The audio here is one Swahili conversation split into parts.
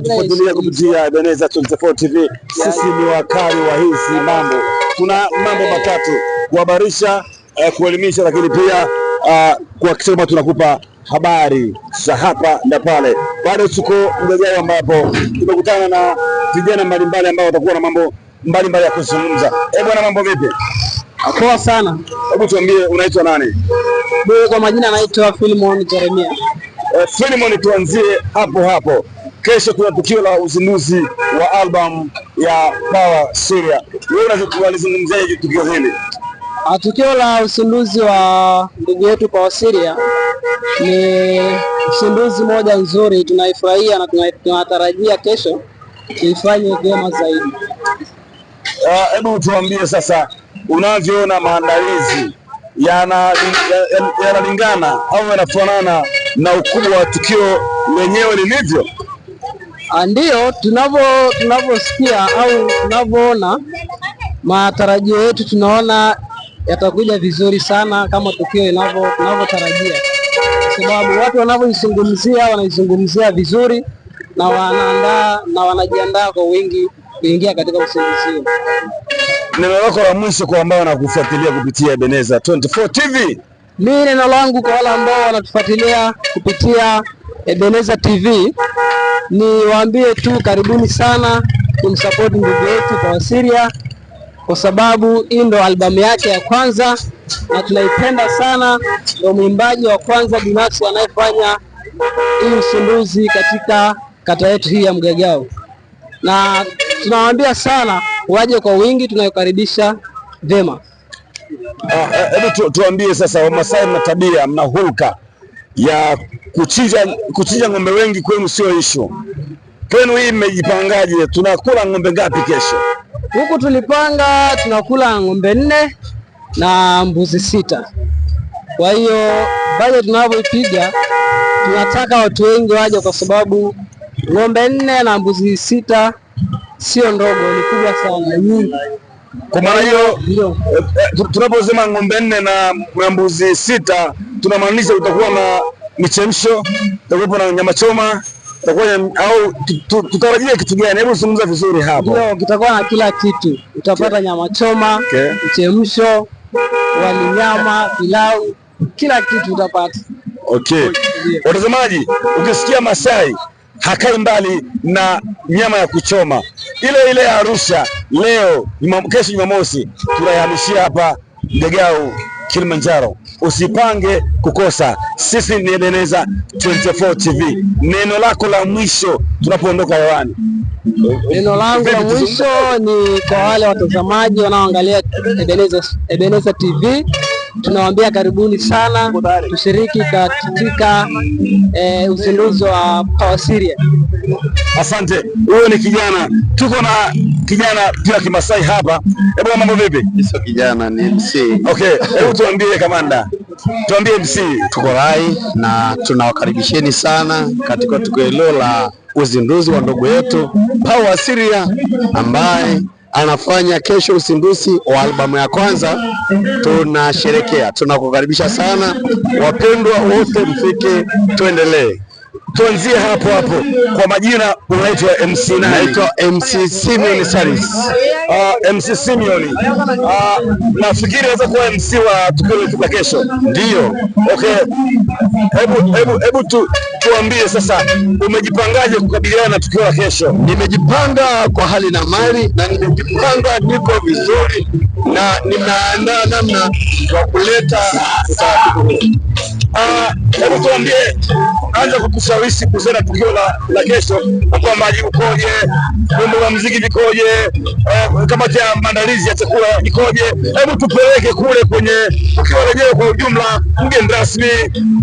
Tufuatilia kupitia Ebeneza tunze TV. Sisi ni wakali wa hizi mambo, kuna mambo matatu: kuhabarisha, eh, kuelimisha, lakini pia uh, ah, kuhakikisha kwamba tunakupa habari za hapa na pale. Bado tuko mgagao ambapo tumekutana na vijana mbalimbali ambao watakuwa na mambo mbalimbali ya kuzungumza. Eh, bwana, mambo vipi? Poa sana. Hebu tuambie unaitwa nani? Kwa majina anaitwa Filimon Jeremia eh, tuanzie hapo hapo. Kesho kuna tukio la uzinduzi wa albamu ya Power Syria, wewe unalizungumziaje tukio hili? Ah, tukio la uzinduzi wa ndugu yetu Power Syria ni uzinduzi moja nzuri, tunaifurahia na tunatarajia kesho ifanye vyema zaidi. Ah, hebu tuambie sasa, unavyoona maandalizi yanalingana ya, ya, ya au yanafanana na ukubwa wa tukio lenyewe lilivyo? Ah, Ndiyo, tunavyo tunavyosikia au tunavyoona, matarajio yetu tunaona yatakuja vizuri sana kama tukio tunavyotarajia, kwa sababu watu wanavyoizungumzia wanaizungumzia vizuri na wanaandaa na wanajiandaa kwa wingi kuingia katika usingizi. Neno lako la mwisho kwa ambao wanakufuatilia kupitia Ebeneza 24 TV. Mimi neno langu kwa wale ambao wanatufuatilia kupitia Ebeneza TV ni waambie tu, karibuni sana kumsapoti ndugu yetu kwa Wasiria kwa sababu hii ndo albamu yake ya kwanza na tunaipenda sana. Ndo mwimbaji wa kwanza binafsi anayefanya hii usunduzi katika kata yetu hii ya Mgagao, na tunawaambia sana waje kwa wingi, tunayokaribisha vyema. Ah, eh, hebu tuambie sasa, Wamasai mna tabia, mna hulka ya kuchinja kuchinja ng'ombe wengi kwenu sio ishu kwenu, hii mmejipangaje? Tunakula ng'ombe ngapi kesho? Huku tulipanga tunakula ng'ombe nne na mbuzi sita. Kwa hiyo bado tunavyoipiga, tunataka watu wengi waje, kwa sababu ng'ombe nne na mbuzi sita sio ndogo, ni kubwa sana, nyingi kwa maana hiyo eh, tunaposema ng'ombe nne na mbuzi sita tunamaanisha utakuwa na michemsho, utakuwa na nyama choma au tutarajia kitu gani? Hebu zungumza vizuri hapo. Ndio, kitakuwa na kila kitu, utapata nyama choma, mchemsho, wali, nyama, pilau, kila kitu utapata. Okay, watazamaji, ukisikia Masai hakai mbali na nyama ya kuchoma ile ile ya Arusha leo kesho Jumamosi tunahamishia hapa Degau Kilimanjaro. Usipange kukosa, sisi ni Edeneza 24 TV. Neno lako la mwisho tunapoondoka hewani. Neno langu la mwisho ni kwa wale watazamaji wanaoangalia Edeneza, TV tunawaambia karibuni sana tushiriki katika e, uzinduzi wa Power Syria. Asante. Huyo ni kijana, tuko na kijana pia Kimasai hapa. Hebu mambo vipi? Sio kijana, ni MC. Okay, hebu tuambie kamanda, tuambie MC, tuko rai na tunawakaribisheni sana katika tukio hilo la uzinduzi wa ndugu yetu Power Syria ambaye anafanya kesho usinduzi wa albamu ya kwanza. Tunasherekea, tunakukaribisha sana wapendwa wote, mfike tuendelee tuanzie hapo hapo. Kwa majina unaitwa MC nani? Naitwa MC Simeon Salis. Uh, ah, MC Simeon. Uh, nafikiri naweza kuwa MC wa tukio letu la kesho. Ndio. Okay. Hebu hebu hebu tu tuambie sasa, umejipangaje kukabiliana na tukio la kesho? Nimejipanga kwa hali na mali, na nimejipanga niko vizuri, na nimeandaa namna ya kuleta utaratibu. Ah, hebu tuambie, anza kukushawishi kuhusiana na tukio la kesho, kwa maji ukoje, wimbo wa muziki vikoje, eh, kamati ya maandalizi ya chakula ikoje? Hebu tupeleke kule kwenye tukio lenyewe kwa ujumla, mgeni rasmi,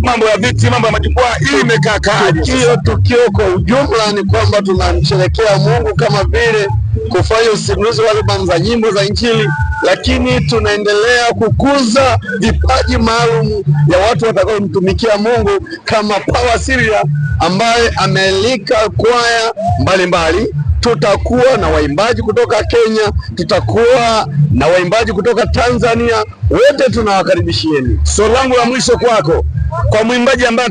mambo ya viti, mambo ya majukwaa, ili imekaa kaaje hiyo tukio? Kwa ujumla ni kwamba tunamsherekea Mungu kama vile kufanya usimulizi wa albamu za nyimbo za Injili, lakini tunaendelea kukuza vipaji maalum ya watu watakaomtumikia Mungu kama Power Syria ambaye amealika kwaya mbalimbali. Tutakuwa na waimbaji kutoka Kenya, tutakuwa na waimbaji kutoka Tanzania, wote tunawakaribishieni. So langu la mwisho kwako, kwa mwimbaji ambaye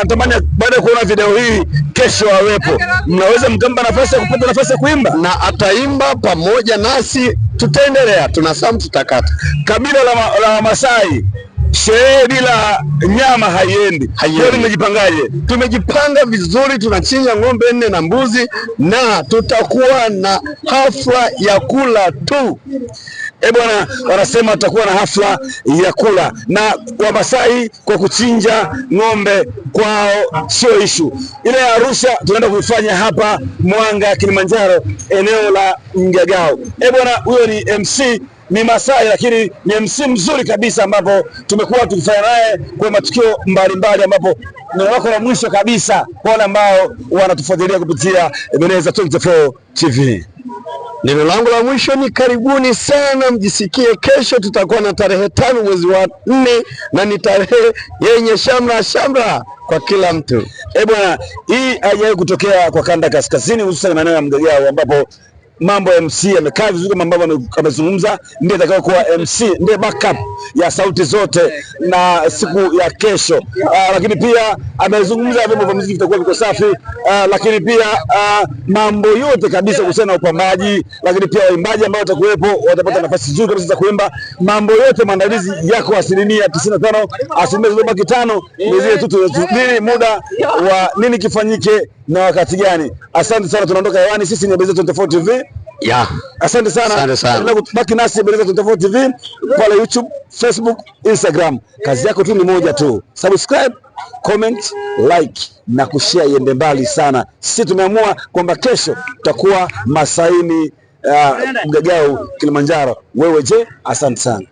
atamani baada ya kuona video hii kesho awepo. Mnaweza mkampa nafasi ya kupata nafasi ya kuimba, na ataimba pamoja nasi, tutaendelea tunasamu, tutakata kabila la, la Masai sherehe bila nyama haiendi. Tumejipangaje? Tumejipanga vizuri, tunachinja ng'ombe nne na mbuzi, na tutakuwa na hafla ya kula tu. E bwana, wanasema tutakuwa na hafla ya kula na Wamasai kwa kuchinja ng'ombe kwao sio ishu. Ile ya Arusha tunaenda kuifanya hapa Mwanga, Kilimanjaro, eneo la Ngagao. E eh, bwana, huyo ni MC ni Masai lakini ni MC mzuri kabisa, ambapo tumekuwa tukifanya naye kwa matukio mbalimbali, ambapo neno lako la mwisho kabisa kwa wale ambao wanatufuatilia kupitia Ebeneza 24 TV. Neno langu la mwisho ni karibuni sana, mjisikie. Kesho tutakuwa na tarehe tano mwezi wa nne, na ni tarehe yenye shamra shamra kwa kila mtu. Eh bwana, hii haijawahi kutokea kwa kanda kaskazini, hususan maeneo ya Mgagao ambapo mambo ya MC amekaa vizuri kama ambavyo amezungumza, ndiye atakayokuwa MC, ndiye backup ya sauti zote na siku ya kesho. Uh, lakini pia amezungumza vyombo vya muziki vitakuwa viko safi. Uh, lakini pia uh, mambo yote kabisa kuhusiana na upambaji, lakini pia waimbaji ambao watakuwepo watapata nafasi nzuri kabisa za kuimba. Mambo yote maandalizi yako asilimia tisini na tano, asilimia zilizobaki tano ni zile tu tunasubiri muda wa nini kifanyike na wakati gani. Asante sana, tunaondoka hewani. Sisi ni Best 24 TV. Ya. Asante sana. Asante sana. Baki nasi Bonyeza Tunitafue TV pale YouTube, Facebook, Instagram. Kazi yako tu ni moja tu. Subscribe, comment, like na kushare iende mbali sana. Sisi tumeamua kwamba kesho tutakuwa Masaini, uh, Mgagau Kilimanjaro. Wewe je? Asante sana.